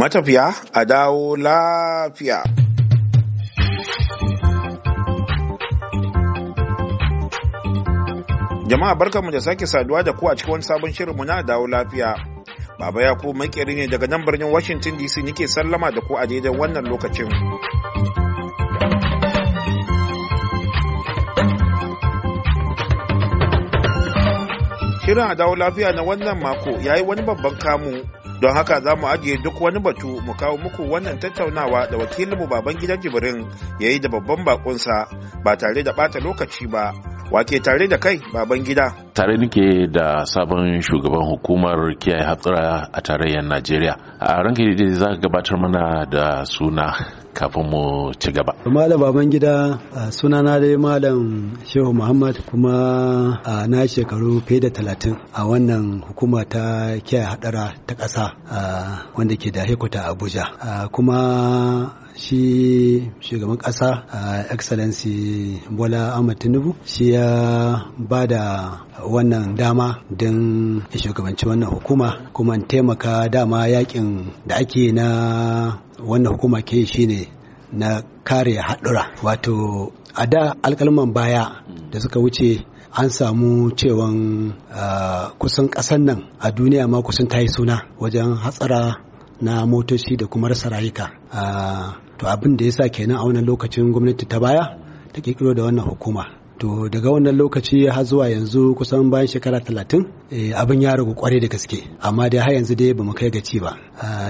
matafiya a dawo lafiya. Jama'a barkanmu da sake saduwa da ku a cikin wani sabon shirinmu na dawo lafiya. Baba ya ku makeri ne daga nan birnin Washington DC nike sallama da ku a daidai wannan lokacin. Shirin a dawo lafiya na wannan mako yayi wani babban kamu don haka za mu ajiye duk wani batu mu kawo muku wannan tattaunawa da wakilinmu baban gidan jibrin ya yi da babban bakunsa ba tare da bata lokaci ba wake tare da kai baban gida. tare nike da sabon shugaban hukumar kiyaye hatsura a tarayyar najeriya a ranka da za ka gabatar mana da suna kafin mu ci gaba malam baban gida suna na dai malam shehu muhammad kuma a na shekaru fiye da talatin a wannan hukuma ta kiyaye hadara ta ƙasa wanda ke da hekuta abuja kuma shi shugaban ƙasa excellency bola ahmad tinubu shi ya ba da wannan dama don shugabanci wannan hukuma kuma taimaka dama yakin da ake na wannan hukuma ke shine na kare haɗura wato a da alkalman baya da suka wuce an samu cewan kusan ƙasan nan a duniya ma kusan ta yi suna wajen hatsara na motoci da kuma rasa rayuka to abin da ya sa kenan a wannan lokacin gwamnati ta baya ta kirkiro da wannan hukuma to daga wannan lokaci har zuwa yanzu kusan bayan shekara talatin eh, abin ya ragu kwarai da gaske amma dai har yanzu dai bamu kai ga ci ba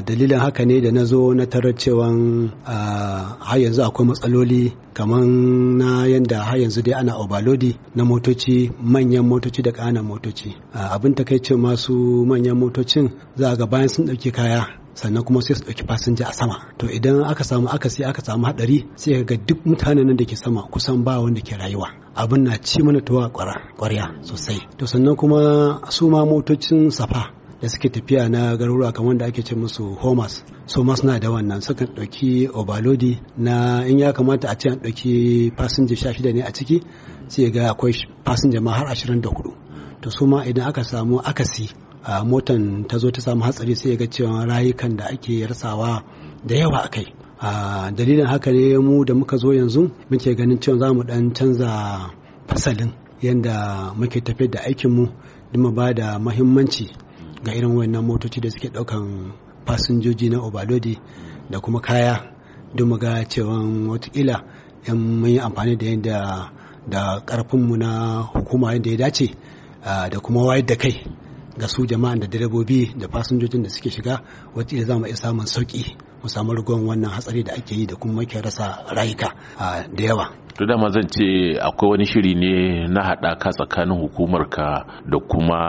dalilin haka ne da na zo na tarar cewa har yanzu akwai matsaloli kamar na yanda har yanzu dai ana obalodi na motoci manyan motoci da ƙananan motoci abin takaicin masu manyan motocin za a ga bayan sun ɗauki kaya sannan kuma sai su ɗauki fasinja a sama to idan aka samu akasi aka samu hadari sai ga duk mutanen nan da ke sama kusan ba wanda ke rayuwa abin na ci mana tuwa kwarya sosai to sannan kuma su ma motocin safa da suke tafiya na garuruwa kamar da ake ce musu homers so ma suna da wannan suka ɗauki obalodi na in ya kamata a ce an ɗauki fasinja sha shida ne a ciki sai ga akwai fasinja ma har ashirin da hudu to su ma idan aka samu akasi motan ta zo ta samu hatsari sai ga cewa rayukan da ake rasawa da yawa a kai dalilin haka ne mu da muka zo yanzu muke ganin cewa za mu dan canza fasalin yadda muke tafiyar da aikinmu mu ba da mahimmanci ga irin wannan motoci da suke daukan fasinjoji na obalodi da kuma kaya don mu ga cewa watakila yan mun yi amfani da yadda da karfinmu na hukuma yadda ya dace da kuma wayar da kai ga su jama'an da direbobi da fasinjojin da suke shiga wacce za mu iya samun sauki mu samu rigon wannan hatsari da ake yi da kuma ke rasa rayuka da yawa to dama zan ce akwai wani shiri ne na haɗaka tsakanin hukumar ka da kuma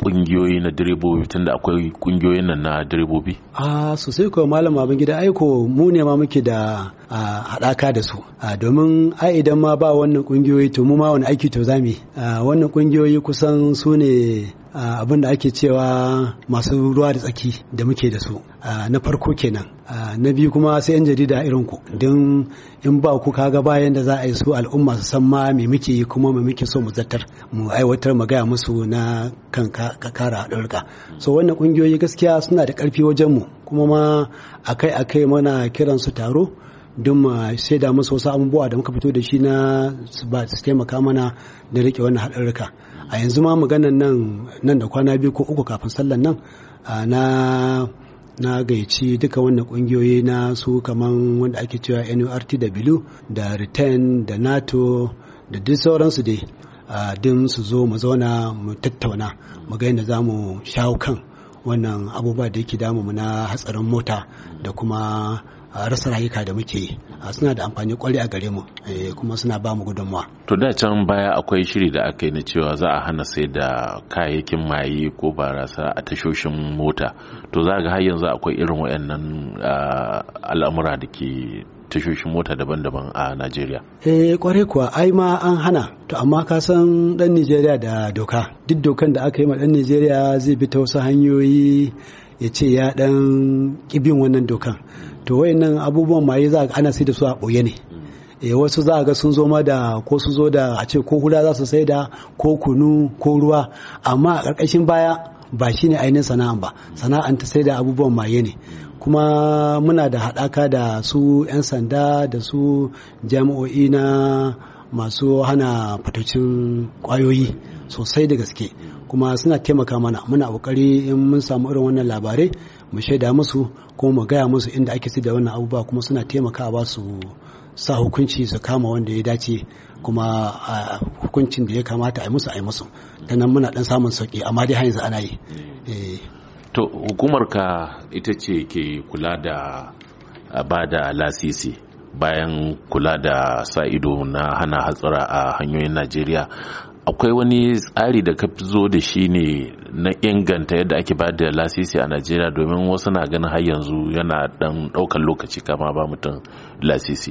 ƙungiyoyi na direbobi tunda akwai ƙungiyoyin nan na direbobi a sosai ko malam abin gida aiko mu ne ma muke da haɗaka da su domin a idan ma ba wannan ƙungiyoyi to mu ma wani aiki to zami wannan ƙungiyoyi kusan su ne abin da ake cewa masu ruwa da tsaki da muke da su na farko kenan na biyu kuma sai 'yan jarida irin ku don in ba ku kaga bayan da za a yi su al'umma su san ma me muke yi kuma me muke so mu zartar mu aiwatar mu gaya musu na kan kara haɗurka so wannan ƙungiyoyi gaskiya suna da ƙarfi wajen mu kuma ma akai-akai mana kiransu taro don sai da masu wasu abubuwa da muka fito da shi na ba su taimaka mana da rike wannan haɗarurruka a yanzu ma maganan nan nan da kwana biyu ko uku kafin sallan nan na na gaici duka wannan kungiyoyi na su kaman wanda ake cewa NURTW da Return da NATO da duk sauransu dai din su zo mu zauna mu tattauna mu ga yadda za mu shawo kan wannan abubuwa da yake damu na hatsarin mota da kuma rasa rayuka da muke yi suna da amfani kwarai a gare mu eh, kuma suna ba mu gudunmawa. to da can baya akwai shiri da aka yi na cewa za a hana sai da kayayyakin maye ko barasa a tashoshin mota to za ga har yanzu akwai irin waɗannan ah, al'amura da ke tashoshin mota daban-daban a Najeriya. Eh kwarai kuwa ai ma an hana to amma ka san dan Najeriya da doka duk dokan da aka yi ma dan Najeriya zai bi ta wasu hanyoyi ya ce ya ɗan kibin wannan dokan to wayannan abubuwan maye za ana sai da su a ɓoye ne eh, wasu za a ga sun zo ma da ko sun zo da a ce ko hula za su sai da ko kunu ko ruwa amma a ƙarƙashin baya ba shi ne ainihin sana'a ba sana'an ta sai da abubuwan maye ne kuma muna da haɗaka da su 'yan sanda da su jami'o'i na masu hana fitocin ƙwayoyi sosai da gaske kuma suna taimaka mana muna ƙoƙari in mun samu irin wannan labarai mu shaida musu kuma mu gaya musu inda ake sida da wannan abubuwa kuma suna taimakawa su sa hukunci su kama wanda ya dace kuma hukuncin da ya kamata a yi musu a yi musu ta nan muna dan samun sauki amma dai har yanzu ana yi eh. to hukumar ka ita ce ke kula da ba da lasisi bayan kula da sa ido na hana hatsara a hanyoyin najeriya akwai wani tsari da ka zo da shi ne na inganta yadda ake ba da lasisi a najeriya domin wasu na ganin har yanzu yana dan daukan lokaci kama ba mutum lasisi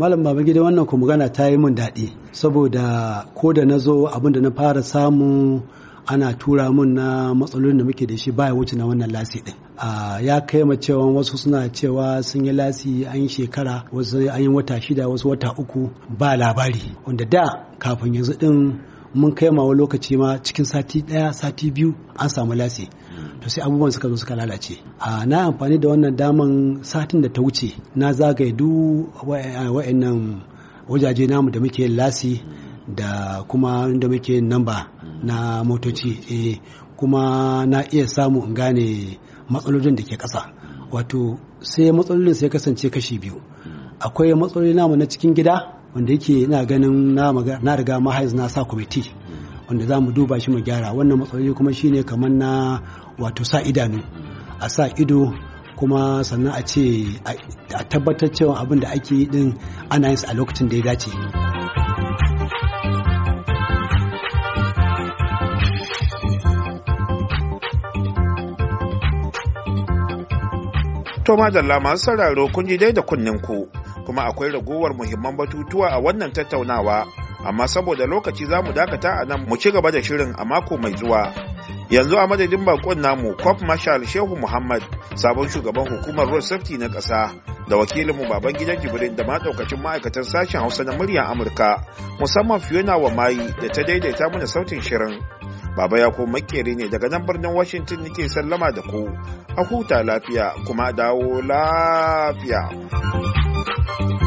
malam babangida wannan ku magana ta yi min daɗi saboda ko da na zo abin na fara samu ana tura mun na matsalolin da muke da shi baya wuce na wannan lasi din ya kai ma cewa wasu suna cewa sun yi lasi an yi shekara wasu an yi wata shida wasu wata uku ba labari wanda da kafin yanzu din mun kai ma wani lokaci ma cikin sati ɗaya sati biyu an samu lasi to sai abubuwan suka zo suka lalace a na amfani da wannan daman satin da ta wuce na zagaye du wa'annan wajaje namu da muke lasi da kuma inda muke namba na motoci eh, kuma na iya samu in gane matsalolin da ke ƙasa wato sai matsalolin sai kasance kashi biyu akwai matsaloli namu na cikin gida wanda yake ina ganin na riga mahaiz na sa kwamiti wanda za mu duba shi mu gyara wannan matsaloli kuma shi ne kamar na wato sa idanu a sa ido kuma sannan a ce a tabbatar cewa abin da ake yi din ana yin a lokacin da ya dace Toma da masu sauraro kun ji dai da kunninku. ku kuma akwai ragowar muhimman batutuwa a wannan tattaunawa amma saboda lokaci za mu dakata a nan mu ci gaba da shirin a mako mai zuwa yanzu a madadin bakon namu kwaf marshal shehu muhammad sabon shugaban hukumar road safety na ƙasa da wakilinmu baban gidan jibrin da maɗaukacin ma'aikatan sashen hausa na muryar amurka musamman fiona wa mayi da ta daidaita mana sautin shirin baba ya ko makeri ne daga nan birnin washington nake sallama da ku a huta lafiya kuma dawo lafiya Thank you.